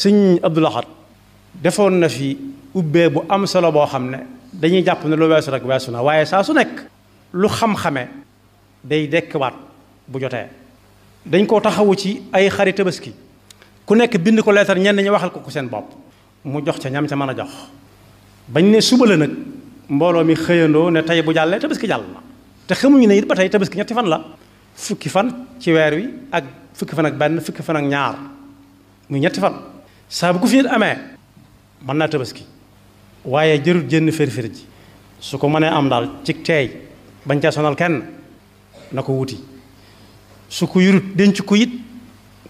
sëñ Abdou Lahad defoon na fi ubbee bu am solo boo xam ne dañuy jàpp ne lu weesu rek weesu na waaye saa su nekk lu xam-xame day dekkiwaat bu jotee dañ koo taxawu ci ay xari tabaski ku nekk bind ko leetar ñenn ñu waxal ko ko seen bopp mu jox ca ñam ca mën a jox bañ ne suba la nag mbooloo mi xëyandoo ne tey bu jàllee tabaski jàll na te xamuñu ne it ba tey tabaski ñetti fan la fukki fan ci weer wi ak fukki fan ak benn fukki fan ak ñaar muy ñetti fan saa bu ko fiir amee mën naa tabaski waaye jërut jënn firfir ji su ko mënee am daal ci teey bañ caa sonal kenn na ko wuti su ko yurut denc ko it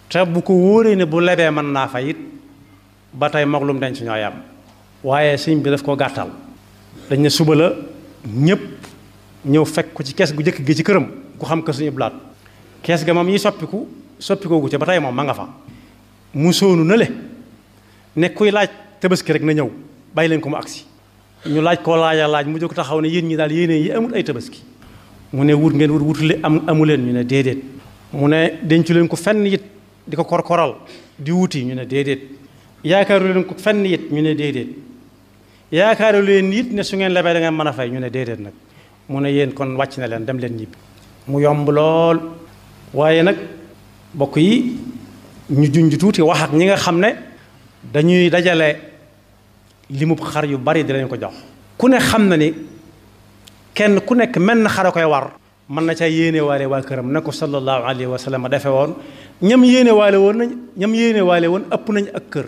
te bu ko wóoree ne bu lebee mën naa fa it ba tey moog lu mu denc ñoo yam waaye sëñ bi def koo gàttal dañ ne suba la ñépp ñëw fekk ko ci kees gu njëkk gi ci këram ku xam ko suñu blaat kees ga moom yi soppiku soppikoogu ca ba tey moom ma nga fa mu soonu na ne kuy laaj tabaski rek na ñëw bay leen ko mu agsi ñu laaj koo laaja laaj mu jóg taxaw ne yéen ñi daal yéeneen yi amul ay tabaski mu ne wut ngeen wut wutule am amu leen ñu ne déedéet mu ne dencu leen ko fenn it di ko korkoral di wuti ñu ne déedéet yaakaaru leen ko fenn it ñu ne déedéet yaakaaru leen it ne su ngeen lebee ngeen mën a fay ñu ne déedéet nag mu ne yéen kon wàcc na leen dem leen ñibbi mu yomb lool waaye nag bokk yi ñu junj tuuti wax ak ñi nga xam ne dañuy dajale limub xar yu bari di lañ ko jox ku ne xam na ni kenn ku nekk menn xar koy war mën na ca yéene waale waa këram na ko sallallahu alayhi wa sallam defe woon ñam yéene waale woon nañ ñam yéene waale woon ëpp nañu ak kër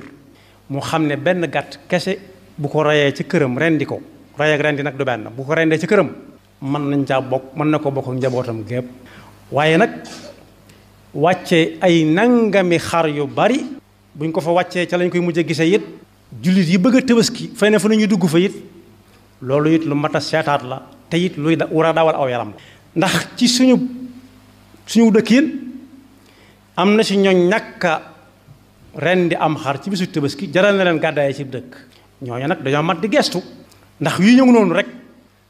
moo xam ne benn gàtt kese bu ko reyee ci këram rendi ko rey ak rendi nag du benn bu ko rendee ci këram mën nañ caa bokk mën na ko bokk njabootam gépp waaye nag wàcce ay nangami xar yu bari buñ ko fa wàccee ca lañ koy mujj a gisee it jullit yi bëgg a tabaski fay ne fu dugg fa it loolu it lu mat a seetaat la te it luy da war a dawal aw yaram la ndax ci suñu suñu dëkkin am na si ñooñ ñàkka ren di am xar ci bisu tabaski jaral na leen gàddaay ci dëkk ñooñu nag dañoo mat di gestu ndax yu ñëw noonu rek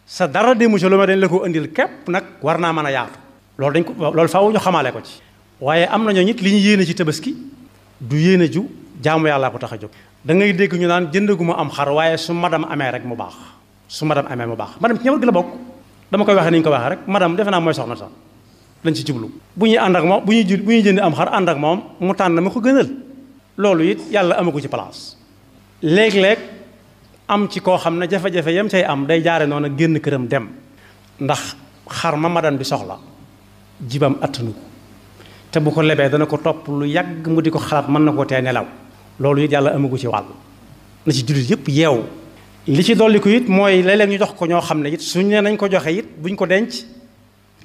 sa dara de monsieur le ma dañ la ko indil képp nag war naa mën a yaatu loolu dañ ko loolu faaw ñu xamaale ko ci waaye am na ñooñu li ñu yéene ci tabaski du yéene ju jaamu yàllaa ko tax a jóg da ngay dégg ñu naan jëndaguma am xar waaye su madam amee rek mu baax su madam amee mu baax madam ci njaboot gi la bokk dama koy waxee ni ko waxee rek madam defe naa mooy soxna sax lañ ci jublu bu ñuy ànd moom bu ñuy ju bu ñuy am xar ànd ak moom mu tànn ma ko gënal loolu it yàlla amagu ci place léeg-léeg am ci koo xam ne jafe yam cay am day jaare noonu génn këram dem ndax xar ma madam di soxla jibam attanu te bu ko lebee dana ko topp lu yàgg mu di ko xalaat mën na koo tee nelaw loolu it yàlla amagu ci wàll na ci jullit yëpp yeew li ci dolli ko it mooy léeg-léeg ñu jox ko ñoo xam ne it suñ ne nañ ko joxe it ñu ko denc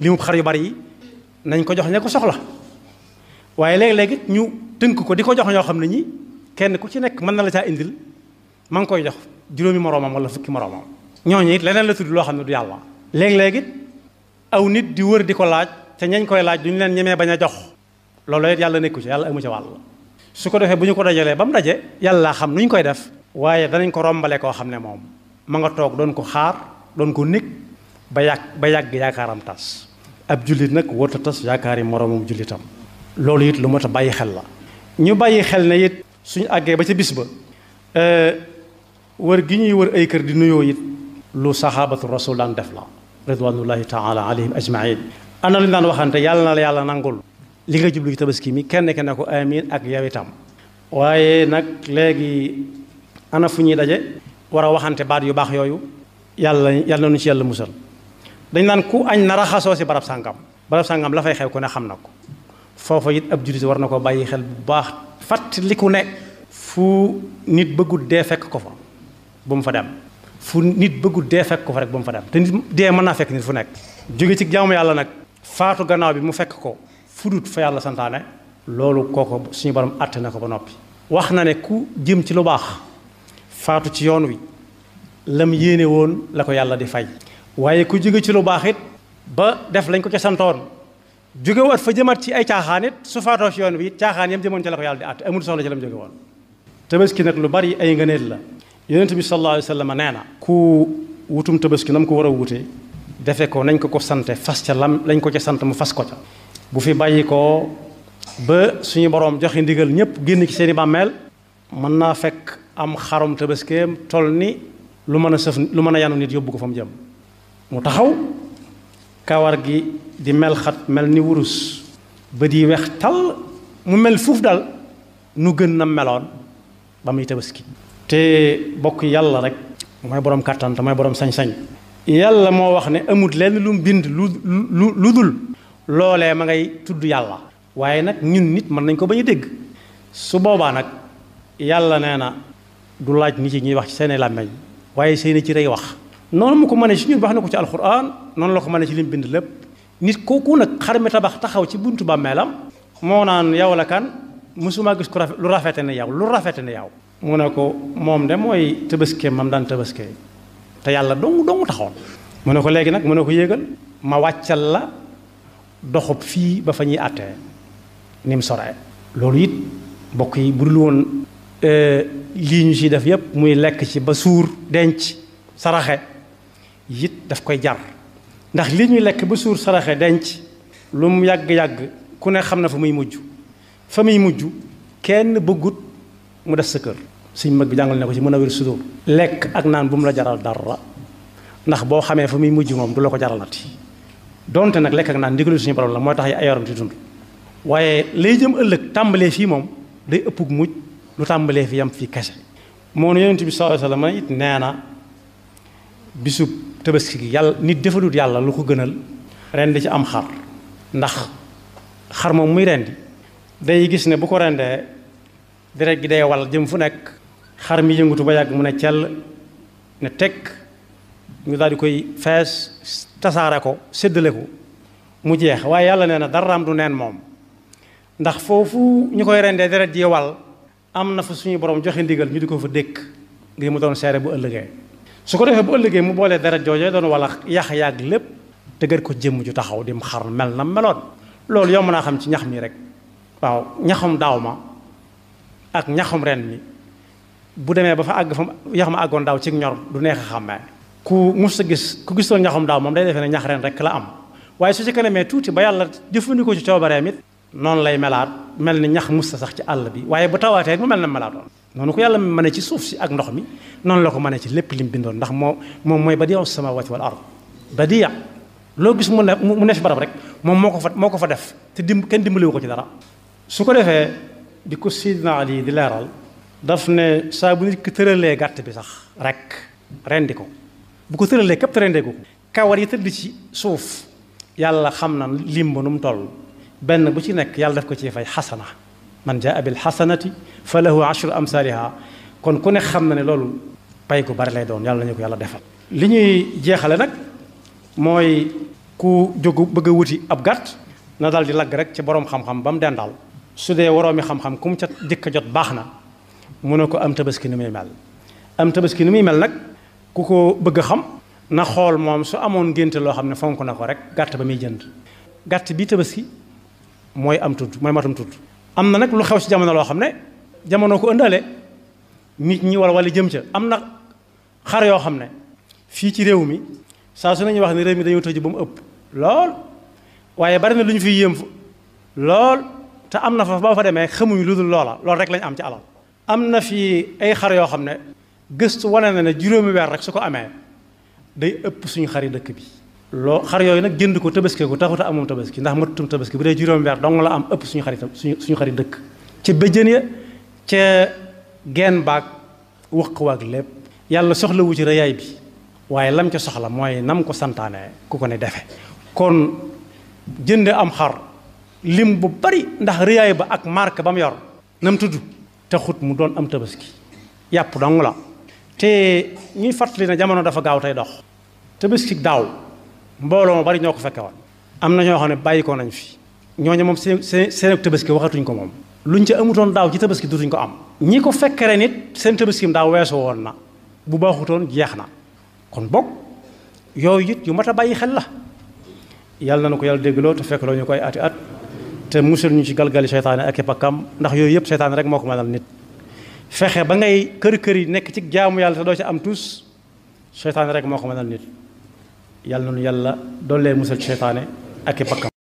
li mu xar yu bari yi nañ ko jox ña ko soxla waaye léeg-léeg ñu tënk ko di ko joxe ñoo xam ne ñi kenn ku ci nekk mën na la caa indil maa ngi koy jox juróomi moroomam wala fukki moroomam ñooñu it leneen la tudd loo xam ne du yàlla léeg-léeg it nit di wër di ko laaj te ñañ koy laaj duñ leen ñemee bañ a jox loolu it yàlla nekku ci yàlla ak amu ci wàll su ko defee bu ñu ko dajalee ba mu daje yàlla xam nu ñu koy def waaye danañ ko rombale koo xam ne moom ma nga toog doon ko xaar doon ko nekk ba yàgg ba yàgg yaakaaram tas ab jullit nag wóota tas yaakaar yi moroomam jullitam loolu it lu mat a bàyyi xel la ñu bàyyi xel ne it suñu àggee ba ca bis ba euh, wër gi ñuy wër ay kër di nuyoo it lu saxaabatu rasul daan def la ridwanullahi taala alayhim ajmain ana lañ daan waxante yàlla na yàlla nangul li nga jublu ci tabaski mi kenn ke ne ko amin ak yow waaye nag léegi ana fu ñuy daje war a waxante baat yu baax yooyu yàlla yàlla nañu ci yàlla musal dañ naan ku añ na raxasoo si barab sàngam barab sàngam la fay xew ku ne xam na ko foofu it ab jullit war na ko bàyyi xel bu baax li ku ne fu nit bëggul dee fekk ko fa bu mu fa dem fu nit bëggul dee fekk ko fa rek bu mu fa dem te nit dee mën naa fekk nit fu nekk jóge ci jaamu yàlla nag faatu gannaaw bi mu fekk ko fudut fa yàlla santaane loolu kooku suñu borom àtte na ko ba noppi wax na ne ku jëm ci lu baax faatu ci yoon wi lam yéene woon la ko yàlla di fay waaye ku jóge ci lu baax it ba def lañ ko ca santoon jóge waat fa jëmaat ci ay caaxaan it su faatoo ci yoon wi caaxaan yam jëmoon ca la ko yàlla di àtte amul soxla ci lam jóge woon tabaski nag lu bari ay ngëneel la yonent bi sallallahu alayhi wa sallam nee na ku wutum tabaski na mu ko war a wutee defe ko nañ ko ko sante fas ca lañ ko ca sant mu fas ko bu fi bàyyi ko ba suñu boroom joxe ndigal ñëpp génn ci seeni bàmmeel mën naa fekk am xarum tabaskeem toll ni lu mën a sëf lu mën a yanu nit yóbbu ko fa mu jëm mu taxaw kawar gi di melxat mel ni wurus ba di wex tal mu mel fuuf dal nu gën na meloon ba muy tabaski te bokk yàlla rek mooy boroom kàttan te mooy boroom sañ-sañ yàlla moo wax ne amut lenn lu mu bind lu lu lu dul loolee ma ngay tudd yàlla waaye nag ñun nit mën nañ ko bañ a dégg su boobaa nag yàlla nee na du laaj nit yi ñuy wax ci seeni làmmeñ waaye seeni ci rey wax noonu mu ko mënee si ñun wax na ko ci alxuraan noonu la ko mënee ci lim bind lépp nit kooku nag xar mi tabax taxaw ci buntu bàmmeelam moo naan yow la kan gis ko rafet lu rafete ne yow lu rafete ne yow mu ne ko moom de mooy tëbëskee mam daan tëbëskee te yàlla dong dong taxoon mu ne ko léegi nag doxub fii ba fa ñuy àttee ni mu loolu it mbokk yi bu dul woon e, lii ñu ci def yépp muy lekk ci ba suur denc saraxe it daf koy jar ndax lii ñuy lekk ba suur saraxe denc lu mu yàgg-yàgg ku ne xam na fa muy mujj fa muy mujj kenn bëggut mu def sa kër suñ mag bi jàngal ne ko ci mën a wér sudóor lekk ak naan bu mu la jaral dara ndax boo xamee fa muy mujj moom du la ko jaralati donte nag lekk ak naan ndigalu suñu borom la mooy tax ay yaram ci dund waaye lay jëm ëllëg tàmbalee fii moom day ëppug mujj lu tàmbalee fi yam fii kese moo ne yonent bi sallallahu alayhi wasallam it nee na bisub tabaski gi yàlla nit defalut yàlla lu ko gënal rendi ci am xar ndax xar moom muy rendi day gis ne bu ko rendee deret gi day wal jëm fu nekk xar mi yëngutu ba yàgg mu ne cell ne tekk ñu daal di koy fees tasaare ko séddale ko mu jeex waaye yàlla nee na dara daraam du neen moom ndax foofu ñu koy rendee deret ji wal am na fa suñu borom joxe ndigal ñu di ko fa dékk ngir mu doon seere bu ëllëgee su ko defee bu ëllëgee mu boolee deret joojee doon wala yax yàgg lépp te gën ko jëmm ju taxaw dim xar mel na meloon loolu yomb a xam ci ñax mi rek waaw ñaxum daaw ma ak ñaxum ren mi bu demee ba fa àgg fa yax ma àggoon daaw ci ñor du neex a ku mus sa gis ku gisoon ñaxum daaw moom day defee ne ñax ren rek la am waaye su ci kanamee tuuti ba yàlla jëfandikoo ci coobareem it noonu lay melaat mel ni ñax mus a sax ci àll bi waaye bu tawaatee mu mel na melaatoon noonu ko yàlla ne ci suuf si ak ndox mi noonu la ko mëne ci lépp lim bindoon ndax moo moom mooy badiu samawati wal ard badiya loo gis mu ne mu ne fi barab rek moom moo ko fa moo ko fa def te dimb kenn dimbaliwu ko ci dara su ko defee di ko sidna Ali di leeral daf ne saa bu nit ki tëralee bi sax rek rendi ko bu ko tëralee képp ko kawar yi tëdd ci suuf yàlla xam na lim ba nu mu toll benn bu ci nekk yàlla daf ko ci fay xasana man jaa bil xasanati fa lahu ashru amsaliha kon ku ne xam na ne loolu pay gu bari lay doon yàlla nañu ko yàlla defal li ñuy jeexale nag mooy ku jógu bëgg a wuti ab gàtt na dal di lagg rek ci boroom xam-xam ba mu dendaal su dee waroomi xam-xam ku mu ca jëkk a jot baax na mu ne ko am tabaski ni muy mel am tabaski ni muy mel nag ku ko bëgg a xam na xool moom su amoon ngénte loo xam ne fonk na ko rek gàtt ba muy jënd gàtt bi tabaski mooy am tudd mooy matum tudd am na nag lu xew ci jamono loo xam ne jamono ko ale nit ñi wala wala jëm ca am na xar yoo xam ne fii ci réew mi saa su nañuy wax ne réew mi dañoo tëj ba mu ëpp lool waaye bari na lu ñu fiy yéem lool te am na fa boo fa demee xamuñu lu dul loola loolu rek lañ am ci alal am na fii ay xar yoo xam ne gëstu wane na ne juróomi weer rek su ko amee day ëpp suñu xari dëkk bi loo xar yooyu nag jënd ko tabaski ko taxut amum tabaski ndax matutum tabaski bu dee juróomi weer dong la am ëpp suñu xari suñu suñu xari dëkk ca bëjjën ya ca geen baag wëq waag lépp yàlla soxlawu ci rëyaay bi waaye lam ca soxla mooy nam ko santaane ku ko ne defe kon jënd am xar lim bu bari ndax rëyaay ba ak marque ba mu yor nam tudd taxut mu doon am tabaski yàpp dong la te ñuy fàttali ne jamono dafa gaaw tey dox te bés ki daaw mbooloo ma bari ñoo ko fekke woon am na ñoo xam ne bàyyi ko nañ fi ñooñu moom seen seen seen tabaski waxatuñ ko moom luñ ca amutoon daaw ci tabaski dutuñ ko am ñi ko fekke ren nit seen tabaskim daaw weesu woon na bu baaxutoon jeex na kon bokk yooyu it yu mat a bàyyi xel la yàlla na ko yal déggloo te fekk loo ñu koy ati at te musal ñu ci galgali seytaane ak i pakkam ndax yooyu yëpp seytaane rek moo ko mënal nit fexe ba ngay kër-kër yi nekk ci jaamu yàlla te doo ci am tuus seytaane rek moo ko na nit yàlla noonu yàlla dooleel musal seytaane ak i pakkam